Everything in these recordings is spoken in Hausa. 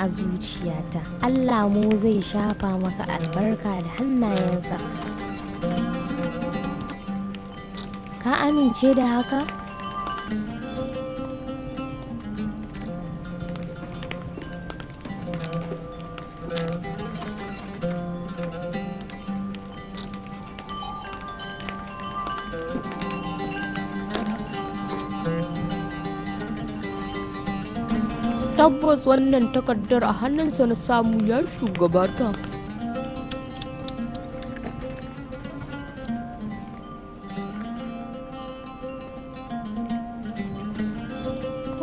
a zuciyata allah mu zai shafa maka albarka da hannayensa ka amince da haka tabbas wannan takardar a hannunsa na samu ya shugabata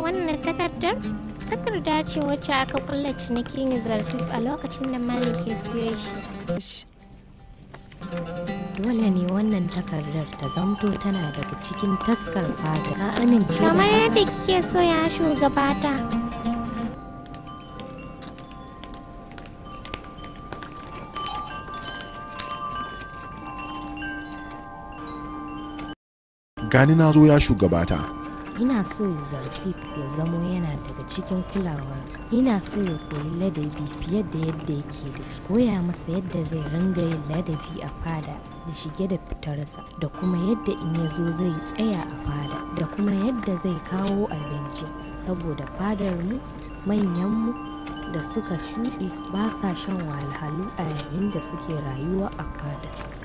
wannan takardar takarda ce wacce aka kulla cinikin zarsif a lokacin da malik ke siya shi dole ne wannan takardar ta zamto tana daga cikin taskar fata kamar yadda kike so ya shugabata gani na zo ya shugabata ina so ya zarsi ya zamo yana daga cikin kulawa ina so ya koyi ladabi fiye da yadda yake da shi koya masa yadda zai ringa yin ladabi a fada da shige da fitarsa da kuma yadda in ya zo zai tsaya a fada da kuma yadda zai kawo abinci saboda fadar mu manyan mu da suka shuɗe ba sa shan wahalhalu a yayin da suke rayuwa a fada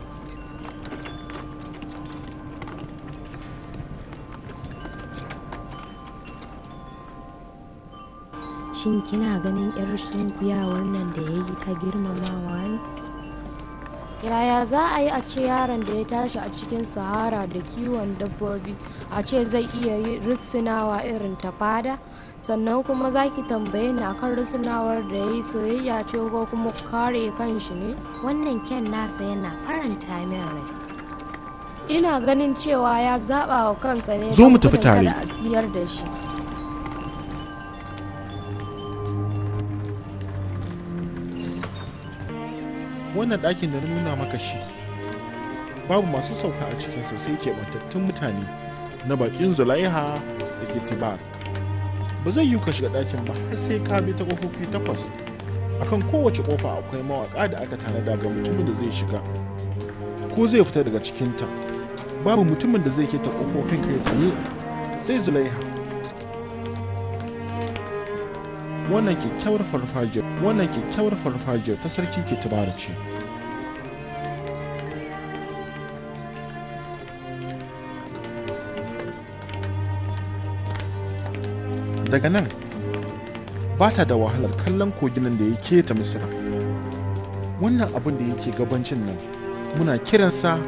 shin kina ganin 'yar sunkuyawar nan da ya yi ta girmamawa ne yaya za a yi a ce yaron da ya tashi a cikin sahara da kiwon dabbobi a ce zai iya yi rusunawa irin ta fada sannan kuma za ki tambaye ni akan rusunawar da ya yi soyayya ce ko kuma kare kanshi ne wannan ken nasa yana faranta min rai ina ganin cewa ya zaba wa kansa ne zo mu tafi tare da shi wannan ɗakin da nuna maka shi babu masu sauka a cikinsa sai keɓantattun mutane na bakin zulaiha da kitibar ba zai yi ka shiga ɗakin ba har sai ka bi ta ƙofofi takwas akan kowace ƙofa akwai mawaƙa da aka tare ga mutumin da zai shiga ko zai fita daga cikinta babu mutumin da zai keta ƙofofin kai tsaye sai zulaiha wannan kyakkyawar farfajiyar wannan kyakkyawar farfajiyar ta sarki ke ta ce daga nan ba ta da wahalar kallon koginan da ya ta misira wannan abin da yake gabancin nan muna kiransa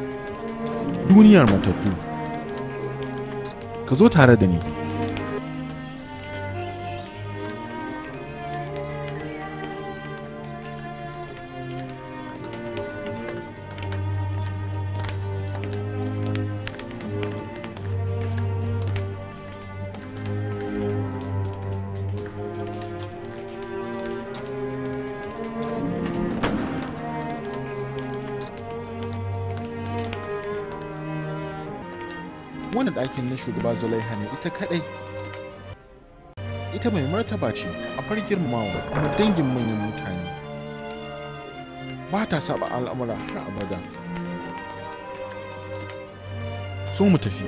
duniyar matattu ka zo tare da ni wannan ɗakin na shugaba zulaiha ne ita kaɗai ita mai martaba ce a far girmamawa kuma dangin manyan mutane ba ta saba al'amura har abada so mu tafi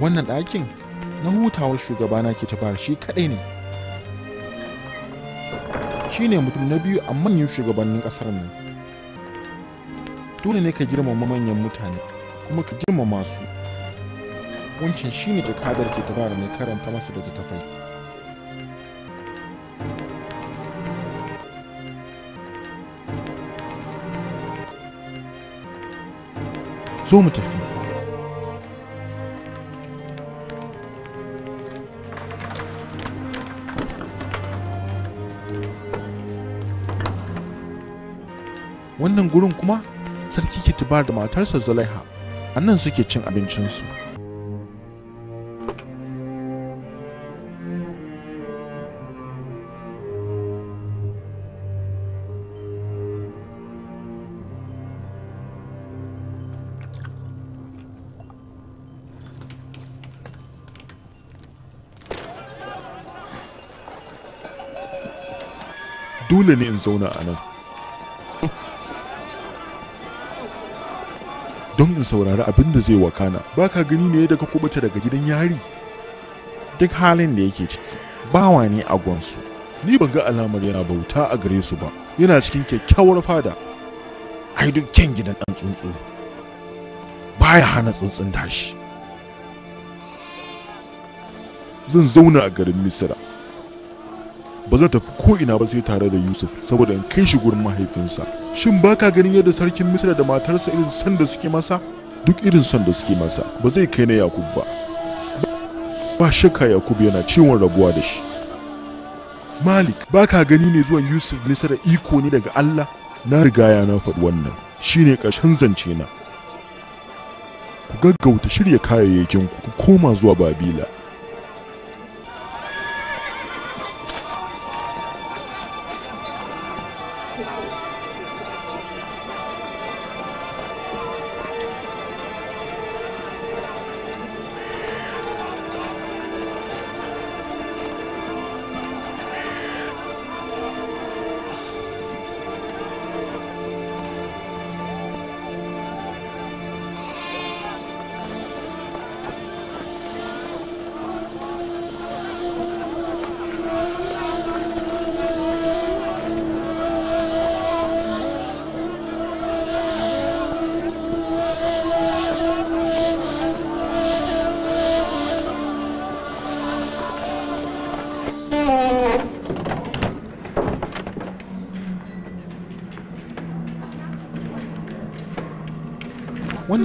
wannan ɗakin na hutawar shugabana ke ta shi kaɗai ne shine mutum na biyu a manyan shugabannin kasar nan dole ne ka girmama manyan mutane kuma ka girmama su wancan shine jakadar ke tabara mai karanta masa da tafai zo mu tafi wannan gurin kuma sarki ke tubar da matarsa zulaiha a nan suke cin abincinsu dole ne in zauna a nan don in saurari abin da zai wakana ba ka gani ne ka kubuta daga gidan yari duk halin da yake ciki bawa ne a gonsu ni ban ga alamar yana bauta a gare su ba yana cikin kyakkyawar fada ai duk kyan gidan ɗan tsuntsu baya hana tsuntsun tashi zan zauna a garin misira ba zan tafi ko ina ba sai tare da Yusuf saboda in kai shi gurin mahaifinsa shin baka ganin yadda sarkin Misra da matarsa irin son da suke masa duk irin son da suke masa ba zai kai na Yakub ba ba shakka Yakub yana ciwon rabuwa da shi Malik baka gani ne zuwan Yusuf Misra iko ne daga Allah na riga ya na faɗi wannan shine ƙarshen zance na ku gaggauta shirya kayayyakin ku koma zuwa Babila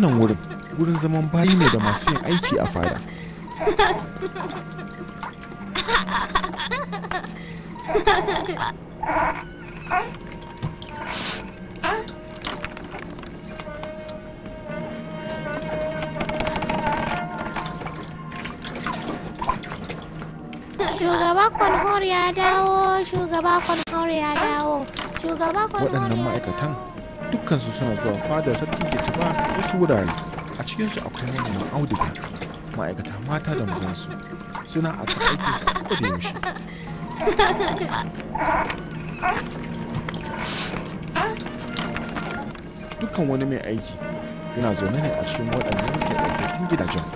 wannan wurin wurin zaman bayi ne da masu yin aiki a fada shugaba kwanhor ya dawo shugaba kwanhor ya dawo shugaba kwanhor waɗannan ma'aikatan dukkansu suna zuwa fadar sarki wasu wurare a cikinsu akwai manoma auduga ma'aikata mata da mazansu suna a aiki su kuka da yaushe dukkan wani mai aiki yana zaune ne a cikin waɗannan ke gidajen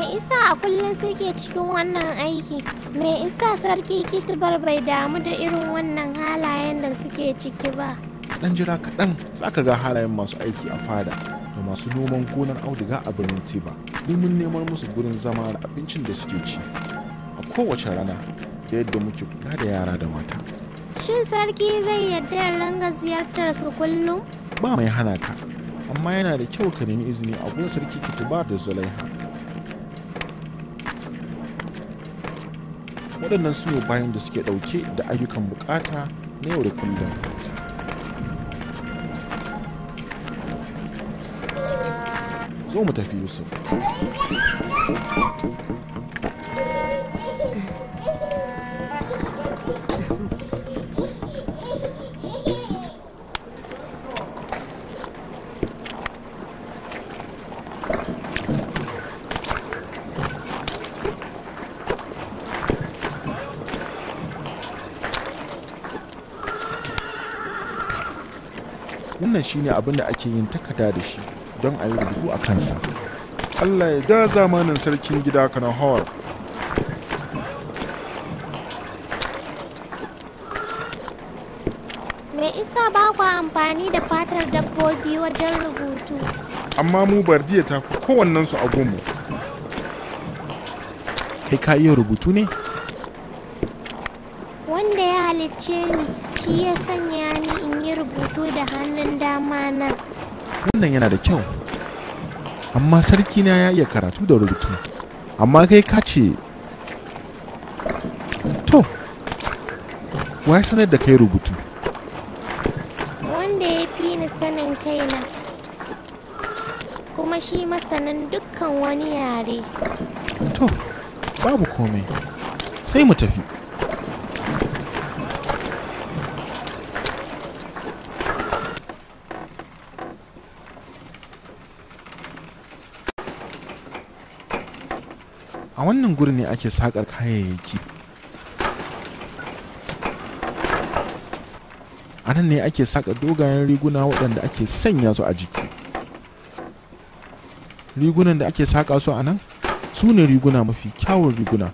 me isa a kullum suke cikin wannan aiki me isa sarki kitibar bai damu da irin wannan halayen da suke ciki ba dan jira kaɗan za ka ga halayen masu aiki a fada da masu noman gonar auduga a birnin tiba domin neman musu gurin zama da abincin da suke ci a kowace rana da yadda muke kula da yara da mata shin sarki zai yarda ya ranga ziyartar su kullum ba mai hana ka amma yana da kyau ka nemi izini a gun sarki kitiba da zulaiha waɗannan su ne bayan da suke ɗauke da ayyukan bukata na yau da kullum zo mu tafi yusuf shine abin da ake yin takada da shi don a yi rubutu a kansa allah ya da zamanin sarkin gida kanan Hawar. me isa ba ku amfani da fatar dabbobi wajen rubutu amma mu bardiya ta fi kowannensu a gomu kai ka iya rubutu ne wanda ya halicce ni shi ya sanya ni yi rubutu da hannun dama na wannan yana da kyau amma sarki na ya iya karatu da rubutu amma kai ka ce to wai sanar da kai rubutu wanda ya fi ni sanin na. kuma shi masanin dukkan wani yare to babu komai sai mu tafi wannan gurin ne ake sakar kayayyaki a nan ne ake saka dogayen riguna waɗanda ake sanya su a jiki rigunan da ake saka su a nan su ne riguna mafi kyawun riguna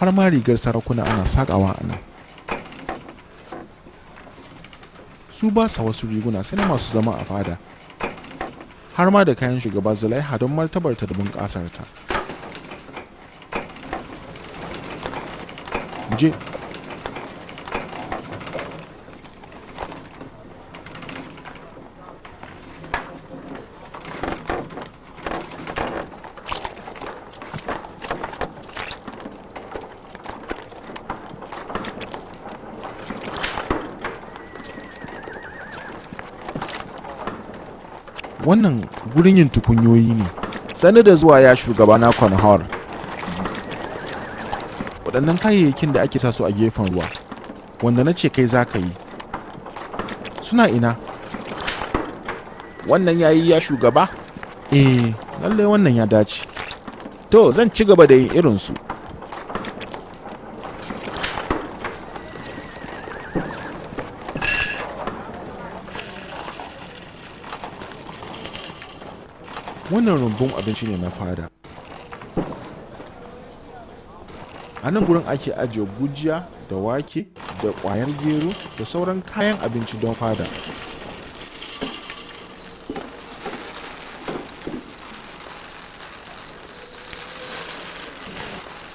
har ma rigar sarakuna ana sakawa a nan su ba sa wasu riguna sai na masu zama a fada har ma da kayan shugaba zulaiha don martabar ta da bunƙasarta. ta. wannan gurin yin tukunyoyi ne sani da zuwa ya shugaba na conhor waɗannan kayayyakin da ake su a gefen ruwa wanda na ce kai za ka yi suna ina wannan yayi ya shugaba eh lallai wannan ya dace to zan ci gaba da yin irinsu wannan rumbun abinci ne na fada a nan gurin ake ajiye gujiya da wake da ƙwayar gero da sauran kayan abinci don fada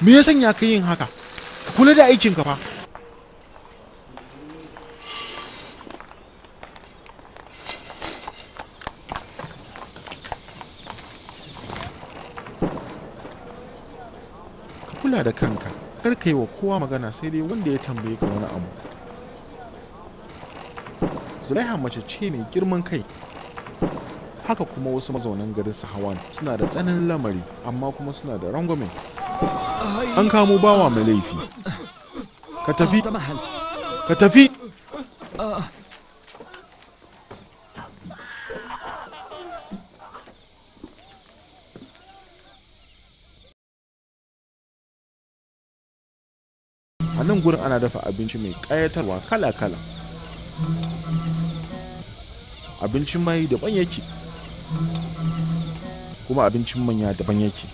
me ya sanya ka yin haka kula da aikinka fa kula da kanka kar ka yi wa kowa magana sai dai wanda ya tambaye ka wani abu zulaiha mace ce mai girman kai haka kuma wasu mazaunan garin sahawan suna da tsananin lamari amma kuma suna da rangwame an kamo bawa mai laifi ka tafi ka tafi gurin ana dafa abinci mai ƙayatarwa kala-kala abincin mai daban yake kuma abincin manya daban yake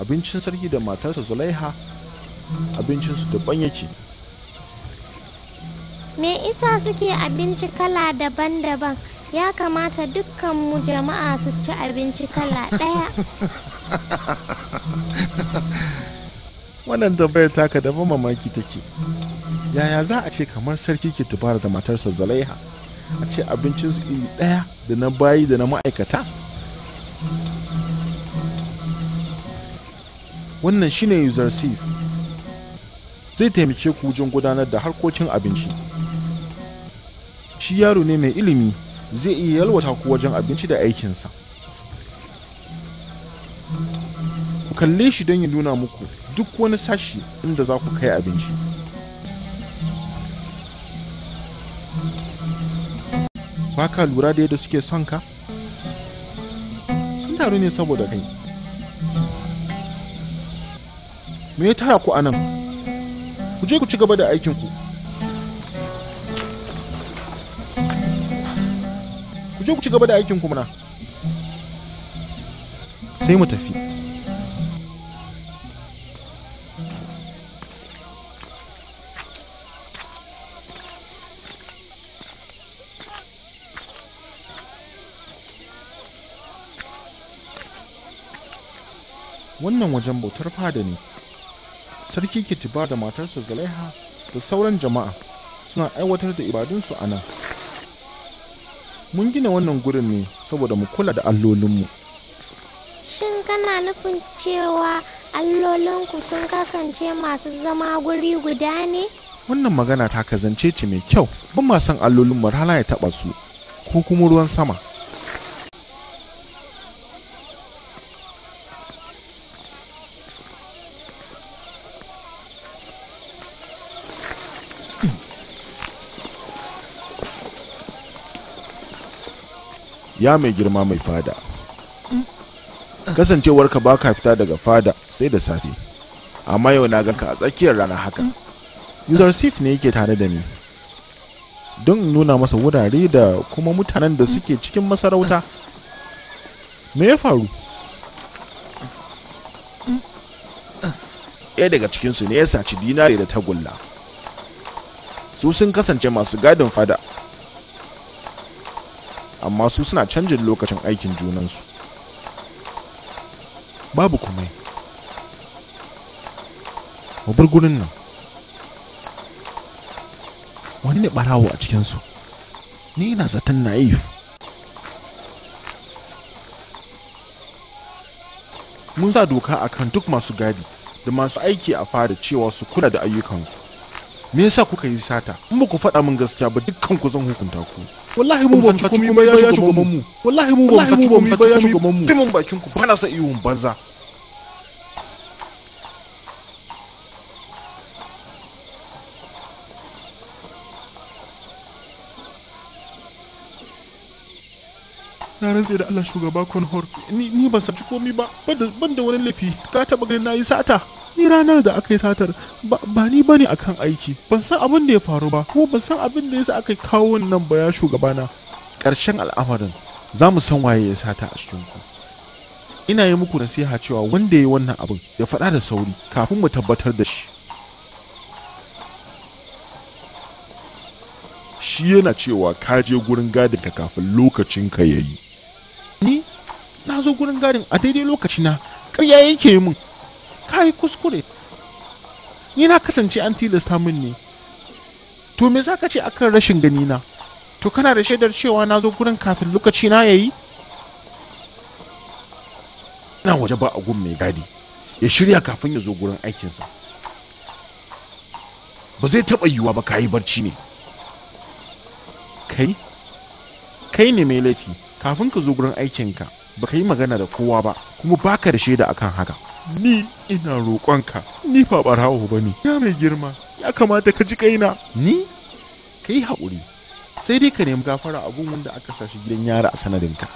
abincin sarki da matarsa zulaiha abincinsu daban yake me isa suke abinci kala daban-daban ya kamata dukkanmu jama'a su ci abinci kala ɗaya wannan tambayar taka da ban mamaki take yaya za a ce kamar sarki ke tubara da matarsa zalaiha a ce abincin su iri daya da na bayi da na ma'aikata wannan shine user safe zai taimake ku wajen gudanar da harkokin abinci shi yaro ne mai ilimi zai iya yalwata ku wajen abinci da aikinsa kalle shi don ya nuna muku duk wani sashi inda za ku kai abinci ba ka lura da yadda suke son ka sun taru ne saboda kai me ya tara ku anan ku je ku ci gaba da aikinku ku je ku ci gaba da aikinku mana sai mu tafi wannan wajen bautar fada ne sarki ke kitiba da matarsa zalaiha da sauran jama'a suna aiwatar da ibadunsu a nan mun gina wannan gurin ne saboda mu kula da allolinmu shin kana nufin cewa allolinku sun kasance masu zama guri guda ne wannan magana ta kazance ce mai kyau ban ma san allolin marhala ya taɓa su ko kuma ruwan sama ya mai girma mai fada kasancewar ka baka fita daga fada sai da safe amma yau na ganka a tsakiyar rana haka sif ne yake tare da ni don nuna masa wurare da kuma mutanen da suke cikin masarauta me ya faru ɗaya daga cikinsu ne ya saci dinare da tagulla su sun kasance masu gadin fada amma su suna canjin lokacin aikin junansu babu komai mu bar gurin nan wani ne barawo a cikinsu ni ina zaton naif mun sa doka akan duk masu gadi da masu aiki a fada cewa su kula da ayyukansu me yasa kuka yi sata in ba ku faɗa min gaskiya ba dukkan ku zan hukunta ku wallahi mu ban komai ba ya shugaban mu wallahi mu ban komai ba ya shugaban mu timin bakin ku bana sa ihun banza na rantse da Allah shugaba Konhor ni ban saci komai ba ban da wani laifi ka taba ganin nayi sata ni ranar da aka yi satar ba ni bane akan aiki ban san abin da ya faru ba kuma ban san abin da ya sa aka kawo wannan ba ya shugabana ƙarshen al'amarin za mu san waye ya sata a cikin ku ina yi muku nasiha cewa wanda ya yi wannan abin ya faɗa da sauri kafin mu tabbatar da shi shi yana cewa ka je gurin gadin ka kafin lokacin ka yayi ni na zo gurin gadin a daidai lokacina ƙarya yake yi min ka kuskure ni na kasance an tilasta min ne to me za ce akan rashin gani na to kana da shaidar cewa na zo gurin kafin lokaci na yayi na waje ba a mai gadi ya shirya kafin ya zo gurin aikinsa ba zai taɓa yiwuwa ba ka barci ne kai kai ne mai laifi kafin ka zo gurin aikinka ba ka yi magana da kowa ba kuma baka da shaida akan haka ni ina roƙonka ni fa barawo ba ne ya mai girma ya kamata ka ji kaina ni ka yi haƙuri sai dai ka nemi gafara abun wanda aka sashi gidan yara a sanadinka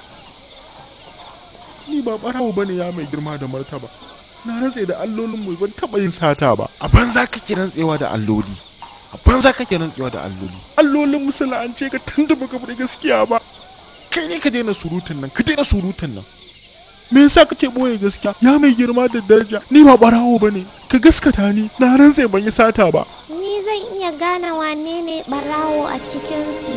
ni ba barawo ba ne ya mai girma da martaba na rantse da allolin mu ban taɓa yin sata ba a banza kake rantsewa da alloli a banza kake rantsewa da alloli allolin musulunci ka tun da baka gaskiya ba kai ne ka daina surutun nan ka daina surutan nan me yasa kake boye gaskiya ya mai girma da daraja ni ba barawo bane ka gaskata ni na rantse ban yi sata ba ni zan iya gane wane ne barawo a cikin su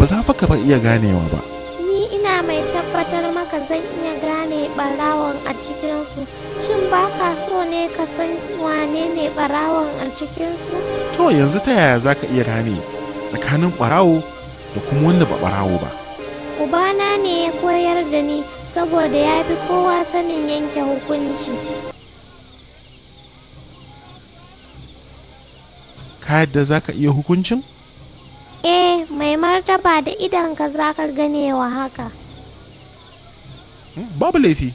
ba za ka ba iya ganewa ba ni ina mai tabbatar maka zan iya gane barawon a cikinsu shin ba ka so ne ka san wane ne barawon a cikinsu to yanzu ta yaya za ka iya gane tsakanin barawo da kuma wanda ba barawo ba Ubana ne ya koyar da ni saboda ya fi kowa sanin yanke hukunci. Ka yadda za ka iya hukuncin? Eh, mai martaba da idanka za ka ganewa haka. Hmm, babu laifi.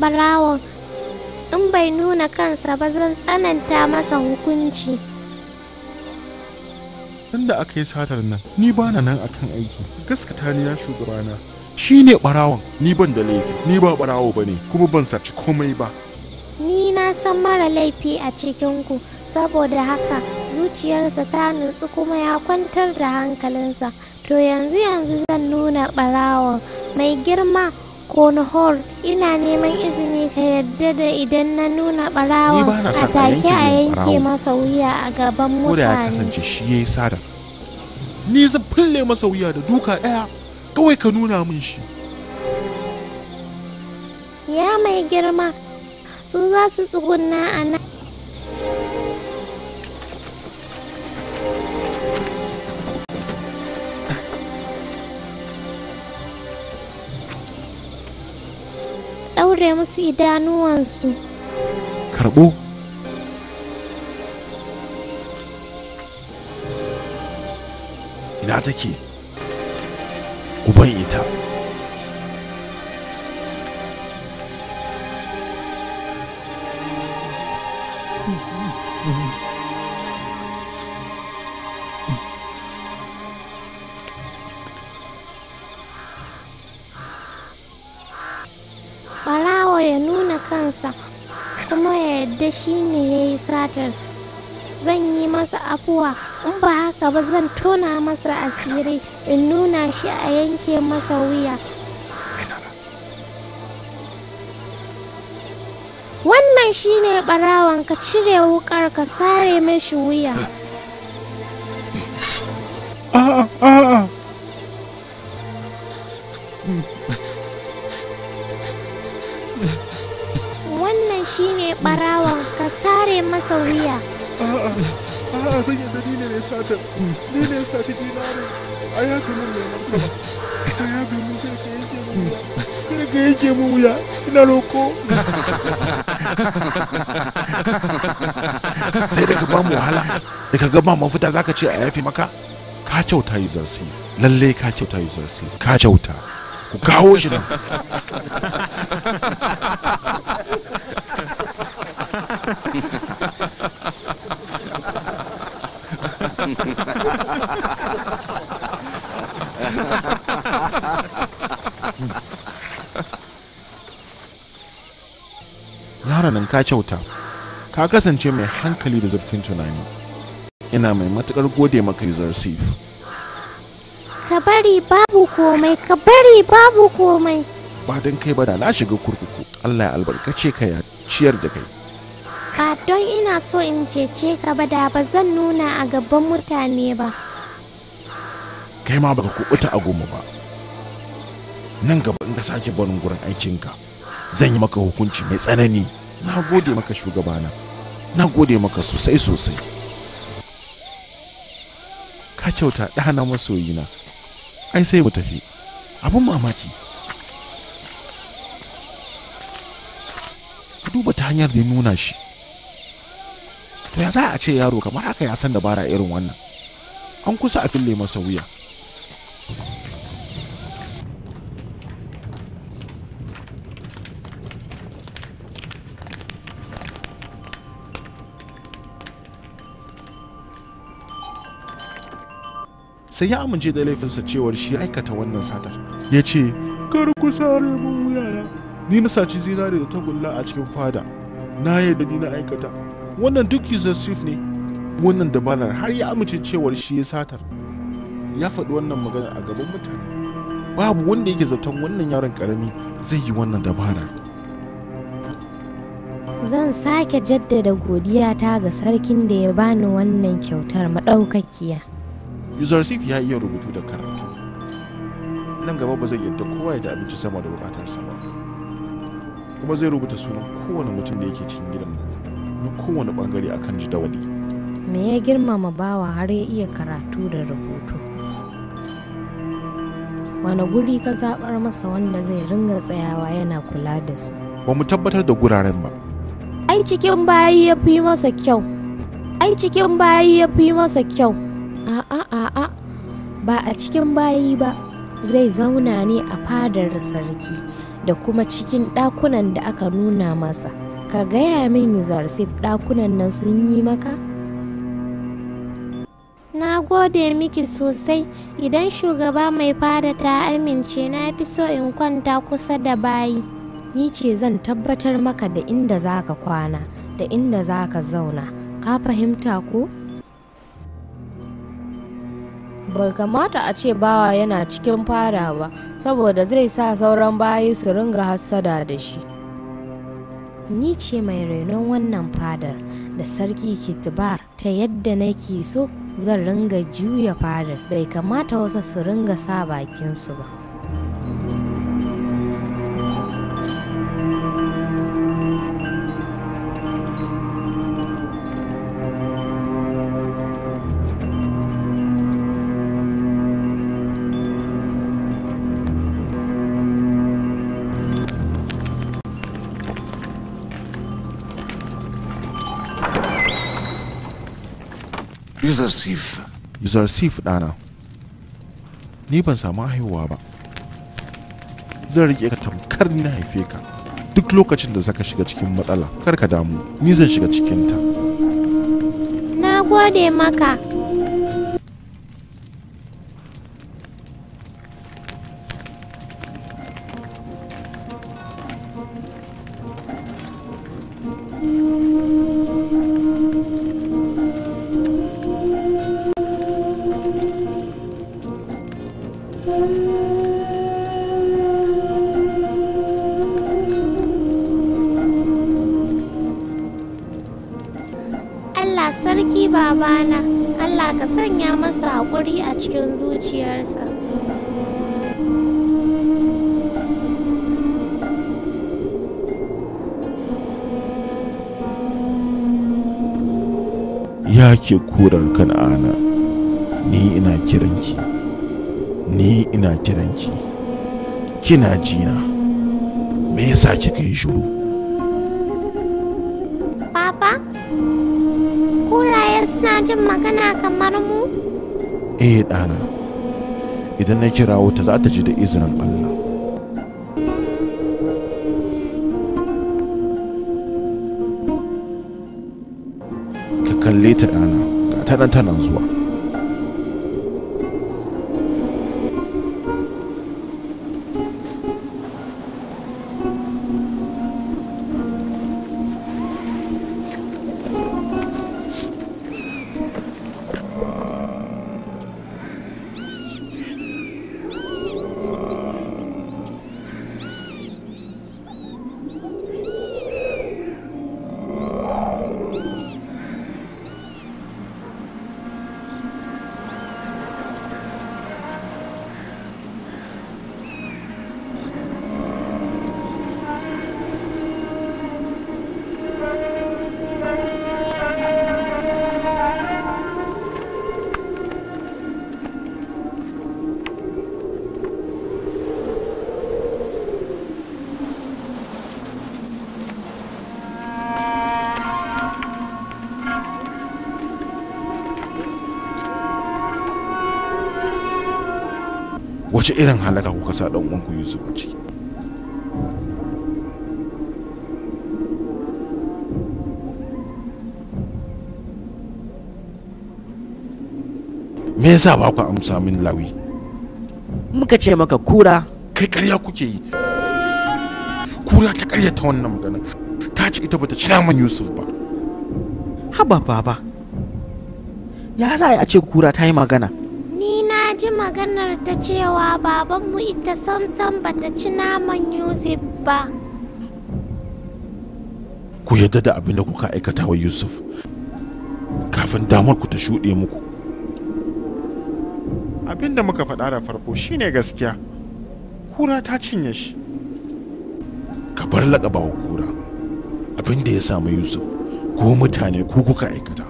Barawon, in bai nuna kansa ba zan tsananta masa hukunci Inda aka yi satar nan ni bana nan akan aiki gaskata ni ya shugabana shi ne ɓarawon ni ban da laifi ni ba ɓarawo ba ne kuma ban saci komai ba ni na san mara laifi a cikinku saboda haka zuciyarsa ta nutsu kuma ya kwantar da hankalinsa to yanzu yanzu zan nuna ɓarawon mai girma ko hor ina neman izini ka yadda da idan na nuna barawa a take a yanke masa wuya a gaban mutane ko da ya kasance shi yayi sada ni zan fille masa wuya da duka daya kawai ka nuna min shi ya mai girma su za su tsuguna a nan ɗaure musu e idanuwansu karɓo ina take guban ita shi ne ya yi satar zan yi masa afuwa in ba haka ba zan tona masa asiri in nuna shi a yanke masa wuya wannan shi ne barawan ka cire wukar ka sare mashi wuya a'a a'a shine barawan ka sare masa wuya a'a a'a zan yadda ni ne ne sata ni ne sata ne, a ya ga mun ne a ya bi mun sai ka yake mun wuya kada ka yake mun wuya ina roko. sai daga ba mu wahala daga ga ba mafita ka ce a yafi maka ka kyauta yi zarsi, lalle ka kyauta yi zarsi, ka kyauta ku kawo shi nan Yaran ka kyauta, ka kasance mai hankali da zurfin tunani. Ina mai matukar gode maka Yuzar Sif. Ka bari babu komai, ka bari babu komai. Ba don kai ba da na shiga kurkuku, Allah ya albarkace ka ya ciyar da kai. don ina so in cece ka ba da ba zan nuna a gaban mutane ba kai ma baka kubuta a goma ba nan gaba in ka sake barin gurin aikinka zan yi maka hukunci mai tsanani na gode maka shugabana na gode maka sosai sosai ka kyauta ɗana masoyina ai sai mu tafi abin mamaki ka duba ta hanyar da nuna shi to ya za a ce yaro kamar haka ya san dabara irin wannan an kusa a fille masa wuya sai ya amince da laifinsa cewar shi aikata wannan satar ya ce kar ku sare mun wuyana ni na saci zinare da tagulla a cikin fada na da ni na aikata wannan duk yusuf ne wannan dabarar har ya amince cewar shi ya satar ya faɗi wannan magana a gaban mutane babu wanda yake zaton wannan yaron karami zai yi wannan dabarar zan sake jaddada godiyata ga sarkin da ya bani wannan kyautar maɗaukakiya yusuf ya iya rubutu da karatu nan gaba ba zai yadda kowa ya da abinci sama da bukatarsa ba kuma zai rubuta sunan kowane mutum da yake cikin gidan nan na kowane bangare akan jadawali me ya girmama bawa har ya iya karatu da rubutu wani guri ka zabar masa wanda zai ringa tsayawa yana kula da su ba mu tabbatar da guraren ba ai cikin bayi ya fi masa kyau ai cikin bayi ya fi masa kyau a'a a'a ba a cikin bayi ba zai zauna ne a fadar sarki da kuma cikin ɗakunan da aka nuna masa ka gaya min yuzarsif ɗakunan nan sun yi maka na gode miki sosai idan shugaba mai fada ta amince na fi so in kwanta kusa da bayi ni ce zan tabbatar maka da inda za ka kwana da inda za ka zauna ka fahimta ko? Ba kamata a ce bawa yana cikin fada ba saboda zai sa sauran bayi su ringa hassada da shi ni ce mai renon wannan fadar da sarki kitibar ta yadda nake so zan ringa juya fadar bai kamata wasu su ringa sa bakinsu ba User Sif. User Sif ɗana. Ni ban samu haihuwa ba. Zan riƙe ka tamkar ni na haife ka. Duk lokacin da zaka shiga cikin matsala, kar ka damu, ni zan shiga cikinta. Na gode maka. kan kan'ana ni ina kiranki ni ina kiranki kina jina me yasa kika yi shiru papa kurayen suna jin magana kamar mu eh ɗana idan na kira wuta za ta ji da izinin allah ka kalle ta ɗana tanan tanan zuwa wace irin halaka kuka sa dan uwanku yusuf a ciki me yasa ba ku amsa min lawi muka ce maka kura kai karya kuke yi kura ta karya ta wannan magana ta ce ita bata cina min yusuf ba haba baba ya za a ce kura ta yi magana ji maganar ta cewa babanmu ita sansan bata ci naman yusuf ba ku yadda da abin da kuka aikata wa yusuf kafin damar ku ta shuɗe muku Abinda muka faɗa da farko shine gaskiya kura ta cinye shi ka bar laƙaba wa kura abinda ya samu yusuf ko mutane ko kuka aikata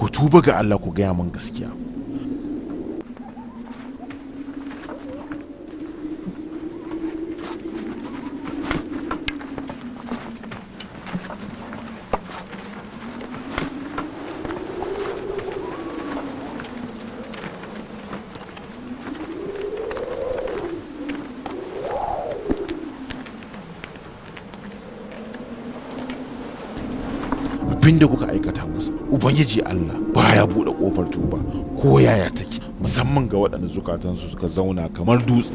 ku tuba ga allah ku gaya min gaskiya ubangiji allah baya buɗe kofar tuba ko yaya take musamman ga waɗanda zukatansu suka zauna kamar dutse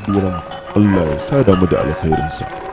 kaduran Allah ya sa damu da alkhairinsa.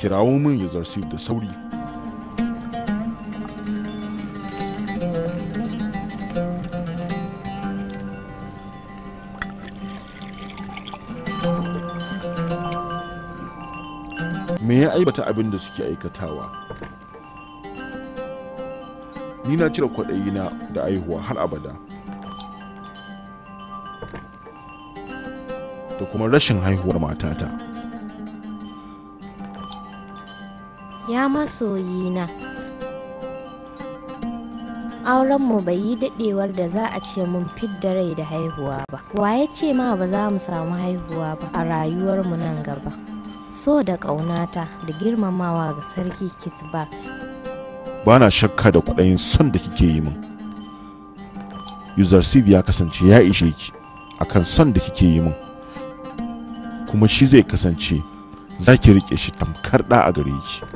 kirawo min ya yuzarsif da sauri me ya aibata abin da suke aikatawa ni na cire kwaɗayina da aihuwa har abada da kuma rashin haihuwar matata ya masoyina aurenmu bai yi daɗewar da za a ce mun fidda rai da haihuwa ba wa ya ce ma ba za mu samu haihuwa ba a rayuwarmu nan gaba so da ƙaunata da girmamawa ga sarki kitbar ba na shakka da kudayin son da kike yi min yuzarsif ya kasance ya ishe ki kan son da kike yi min kuma shi zai kasance za ki riƙe shi tamkar ɗa a gare ki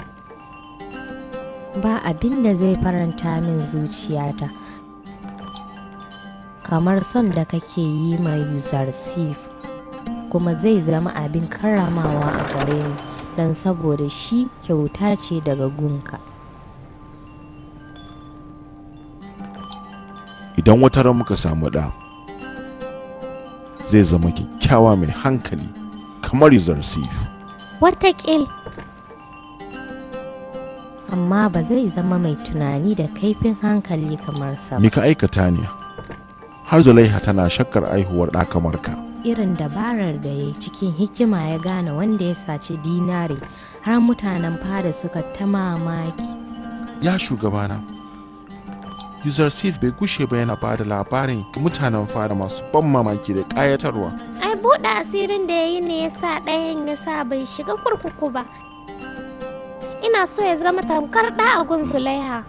ba abin da zai faranta min zuciyata kamar son da kake yi mai yuzarsif kuma zai zama abin karamawa a gare ni don saboda shi kyauta ce daga gunka idan wata ran muka samu ɗa zai zama kyakkyawa mai hankali kamar yuzarsif watakil amma ba zai zama mai tunani da kaifin hankali kamar sa Mika aikata ne, har Zulaiha tana shakkar aihuwar ɗa kamar Irin dabarar da ya cikin hikima ya gane wanda ya saci dinari har mutanen fada suka ta mamaki. Ya shugabana, User Steve bai gushe ba yana ba da labarin mutanen fada masu ban mamaki da ƙayatarwa. Ai buɗe asirin da ya yi ne ya sa ɗayan ya sa bai shiga kurkuku ba. yana so ya zama tamkar ɗa'agun zulaiha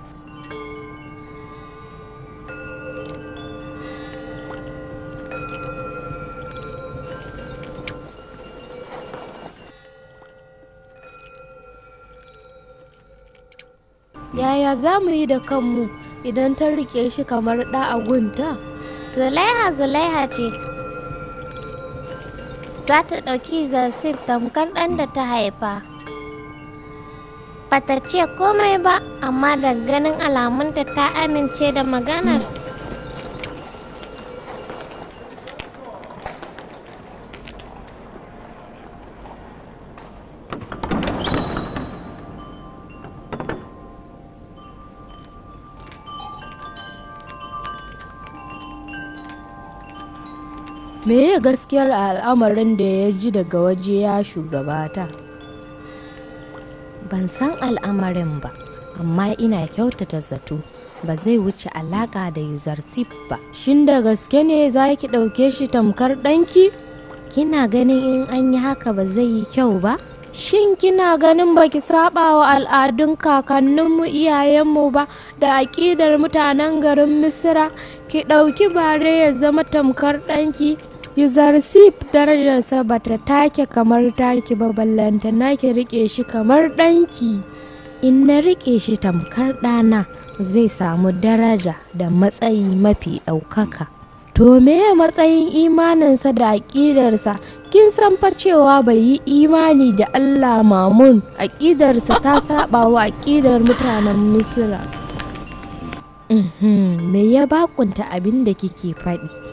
yaya za mu yi da kanmu idan ta rike shi kamar ɗa'agunta? zulaiha zulaiha ce za ta ɗauki zasif tamkar ɗan da ta haifa bata ce komai ba amma da ganin alamunta ta amince da maganar Me ya gaskiyar al'amarin da ya ji daga waje ya shugabata ban san al'amarin ba amma ina kyautata zato ba zai wuce alaka da yuzarsif sip ba shin da gaske ne za ki ɗauke shi tamkar ɗanki kina ganin in an yi haka ba zai yi kyau ba shin kina ganin ba ki saba wa al'adun kakanninmu iyayenmu ba da aƙidar mutanen garin misira ki ɗauki bare ya zama tamkar ɗanki Uzarsif darajarsa ba ta take kamar taki ba ballanta na rike shi kamar ɗanki. In na rike shi tamkar ɗana zai samu daraja da matsayi mafi ɗaukaka. To meye matsayin imaninsa da aƙidarsa kin san fa cewa bai yi imani da Allah mamun aƙidarsa ta saba wa aƙidar mutanen Misira. Uhm, me ya bakunta abin da kike faɗi?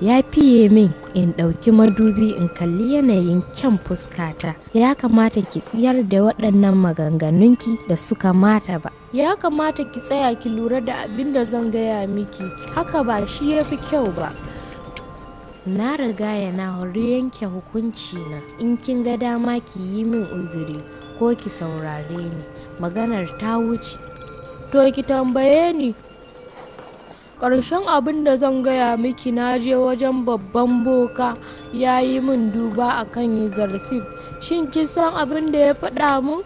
ya fiye min in ɗauki madubi in kalli yanayin kyan fuskata ya kamata ki tsayar da waɗannan maganganunki da suka mata ba ya kamata ki tsaya ki lura da abin da zan gaya miki haka ba shi ya fi kyau ba na riga yana hori yanke hukunci na in kin ga dama ki yi min uzuri ko ki saurare ni maganar ta wuce to ki tambaye ni ƙarshen abin da zan gaya miki na je wajen babban boka ya yi min duba a kan zarsif shin kin san abin da ya faɗa min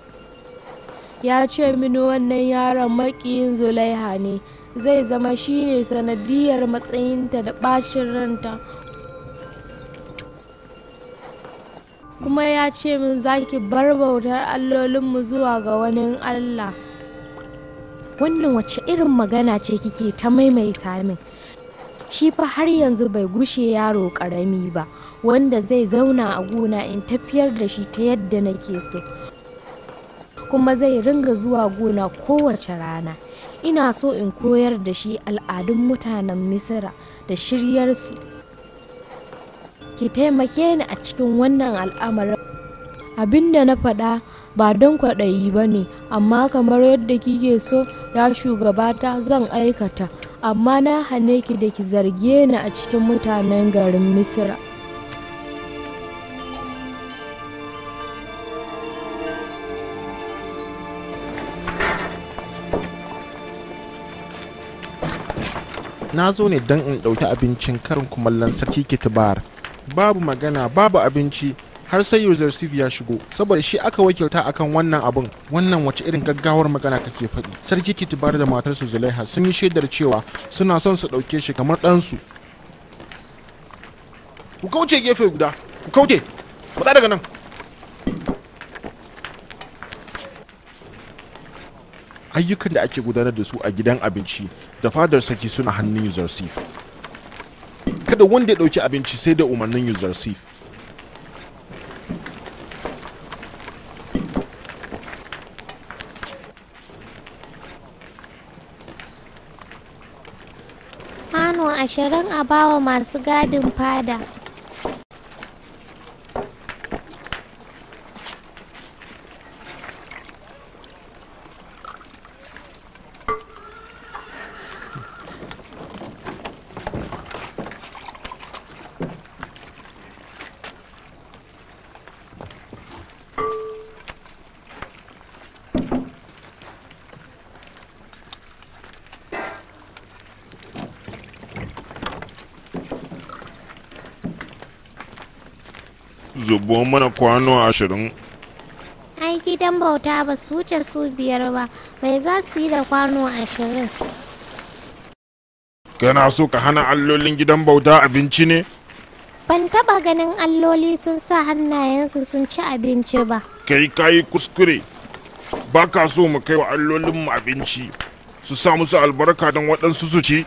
ya ce mini wannan yaron maƙiyin zulaiha ne zai zama shine sanadiyar matsayinta da ɓacin ranta kuma ya ce min zaki bar bautar allolinmu zuwa ga wani allah wannan wace irin magana ce kike ta maimaita min shi fa har yanzu bai gushe yaro karami ba wanda zai zauna a gona in tafiyar da shi ta yadda nake so kuma zai ringa zuwa gona kowace rana ina so in koyar da shi al'adun mutanen misira da shiryarsu ki taimake ni a cikin wannan al'amarin abin da na faɗa ba don kwaɗayi ba ne amma kamar yadda kike so ya shugabata zan aikata amma na hane ki da ki zarge ni a cikin mutanen garin misira na zo ne don in ɗauki abincin karin kumallon sarki kitabar babu magana babu abinci har sai user ya shigo saboda shi aka wakilta akan wannan abun wannan wace irin gaggawar magana kake faɗi sarki kitibar da matarsa zulaiha sun yi shaidar cewa suna son su ɗauke shi kamar ɗansu ku kauce gefe guda ku kauce matsa daga nan ayyukan da ake gudanar da su a gidan abinci da fadar sarki suna hannun user kada wanda ya ɗauki abinci sai da umarnin user ashirin a bawa masu gadin fada buwan mana kwano ashirin ai gidan bauta ba su wuce su biyar ba mai za su yi da kwano ashirin kana so ka hana allolin gidan bauta abinci ne ban taba ganin alloli sun sa hannayensu sun ci abinci ba kai kayi kuskure ba ka so mu kai wa allolinmu abinci su sa musu albarka don waɗansu su ci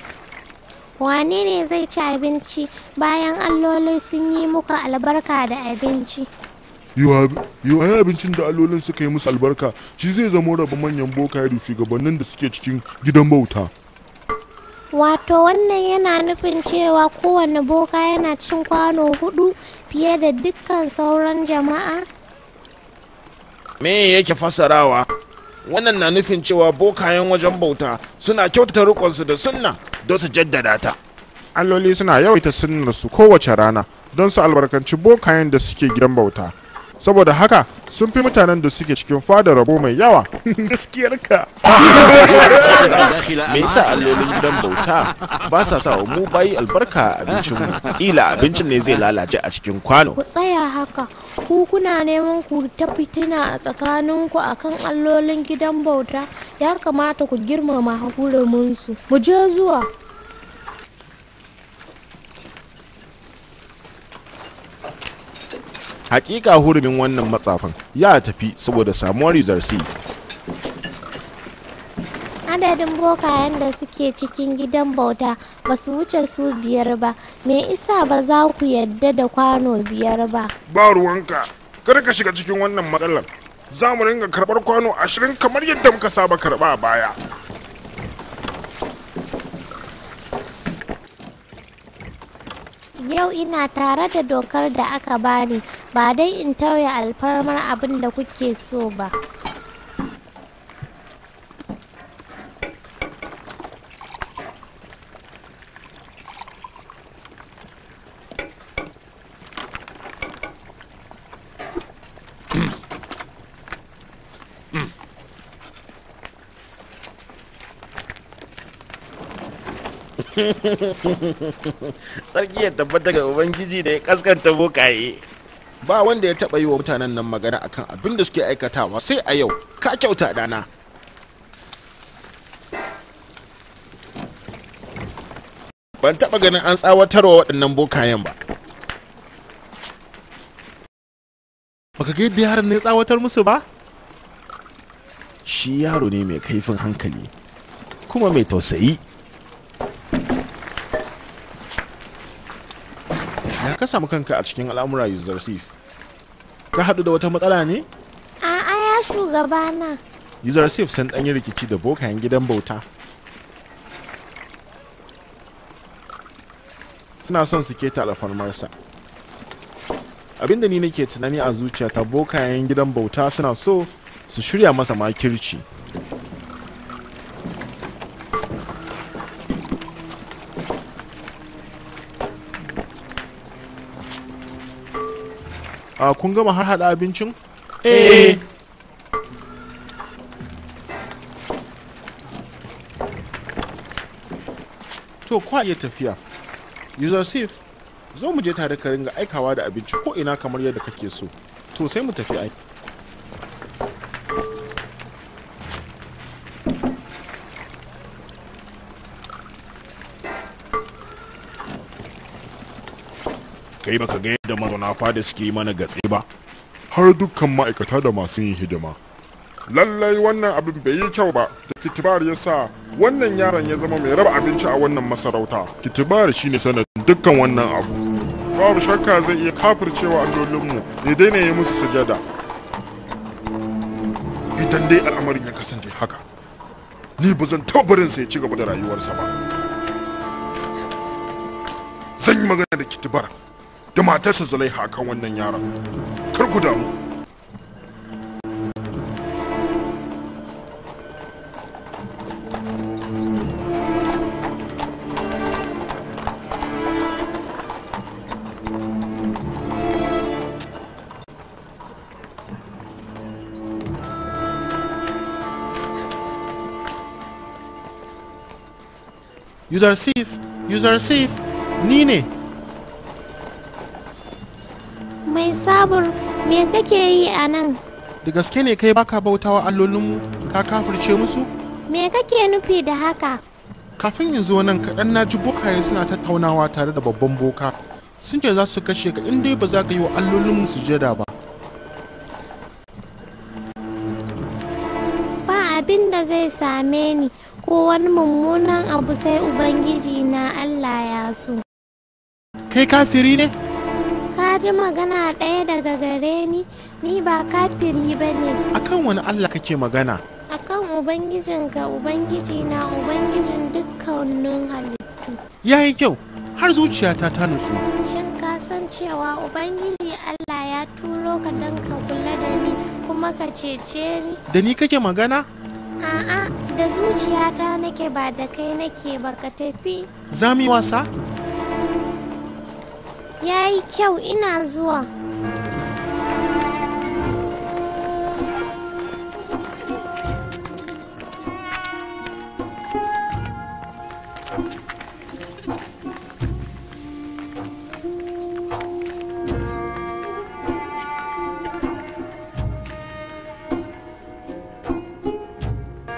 wane ne zai ci abinci bayan allolin sun yi muka albarka da abinci yi abincin da allolin suka yi musu albarka shi zai zama raba manyan bokaye da shugabannin da suke cikin gidan bauta wato wannan yana nufin cewa kowane boka yana cin kwano hudu fiye da dukkan sauran jama'a me yake fasarawa wannan na nufin cewa bokayen wajen bauta suna kyautata su da sunna don su jaddada ta alloli suna yawaita sunnarsu kowace rana don su albarkanci bokayen da suke gidan bauta saboda haka sun fi mutanen da suke cikin fada rabo mai yawa gaskiyar ka me yasa allolin gidan bauta ba sa sa mu bayi albarka abincin mu ila abincin ne zai lalace a cikin kwano ku tsaya haka ku kuna neman ku ta fitina a tsakanin ku akan allolin gidan bauta ya kamata ku girmama hakurin su mu je zuwa hakika hurumin wannan matsafan ya tafi saboda samuwar user adadin bokayen da suke cikin gidan bauta ba su wuce su biyar ba me isa ba za ku yadda da kwano biyar ba ba ruwanka kada ka shiga cikin wannan matsalar za mu ringa karɓar kwano ashirin kamar yadda muka saba karɓa a baya yau ina tare da dokar da aka bani ba dai in tauye alfarmar abin da kuke so ba sarki ya tabbata ga ubangiji da ya kaskanta bokaye ba wanda ya taba yi wa mutanen nan magana akan abin da suke aikatawa sai a yau ka kyauta dana ban taba ganin an tsawatarwa waɗannan bokayen ba baka ga yadda yaron ne tsawatar musu ba shi yaro ne mai kaifin hankali kuma mai tausayi ya ka samu kanka a cikin al'amura user sif ka haɗu da wata matsala ne a'a ya na. user sif sun ɗanyi rikici da bokayen gidan bauta suna son su keta alfarmarsa abinda ni nake tunani a zuciya, zuciyata bokayen gidan bauta suna so su shirya masa makirci a kun gama har hada abincin eh to kwa iya tafiya sif zo mu je tare ka ringa aikawa da abinci ko ina kamar yadda kake so to sai mu tafi aiki ba baka ga yadda mazauna fada suke yi mana gatse ba har dukkan ma'aikata da masu yin hidima lallai wannan abin bai yi kyau ba da kitibar ya sa wannan yaron ya zama mai raba abinci a wannan masarauta kitibar shine sanadin dukkan wannan abu babu shakka zai iya kafircewa allolinmu ya daina yi musu sujada idan dai al'amarin ya kasance haka ni ba zan barin ya ci gaba da rayuwarsa ba zan yi magana da kitibar da matarsa Zulaiha hakan wannan yaron. Kar ku damu. User safe, user safe, ni ne. kai sabur me kake yi a nan da gaske ne kai baka bautawa allolinmu ka kafirce musu me kake nufi da haka kafin in zo nan kaɗan na ji bokaye suna tattaunawa tare da babban boka sun ce za su kashe ka in dai ba za ka yi wa allolinmu sujada ba ba abin da zai same ni ko wani mummunan abu sai ubangiji na allah ya so kai kafiri ne ka ji magana ɗaya daga gare ni ni ba kafiri ba ne akan wani allah kake magana akan ubangijinka ubangiji na ubangijin dukkanin halittu ya yi kyau har zuciyata ta nutsu shin ka san cewa ubangiji allah ya turo ka don ka kula da ni kuma ka cece ni da ni kake magana a'a da zuciyata nake ba da kai nake ba ka tafi za mu yi wasa Ya yi kyau ina zuwa.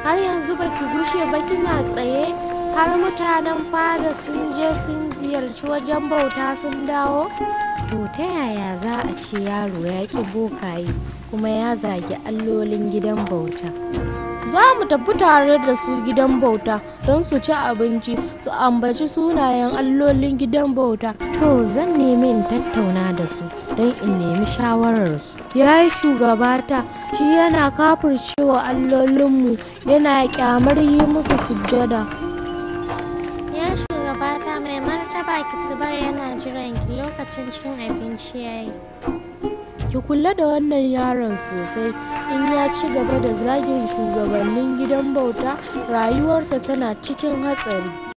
har yanzu baki gushe ba kina tsaye har mutanen fada sun je sun ziyarci wajen bauta sun dawo? To ta yaya za a ce yaro ya ƙi bokaye kuma ya zagi allolin gidan bauta? Za mu tafi tare da su gidan bauta don su ci abinci su ambaci sunayen allolin gidan bauta. To zan nemi in tattauna da su don in nemi shawararsu. Ya yi shugabata shi yana kafircewa allolinmu yana kyamar yi musu sujjada. sa yana jiran ki lokacin cikin abinci ya yi. Ki kula da wannan yaron sosai in ya ci gaba da zagin shugabannin gidan bauta rayuwarsa tana cikin hatsari.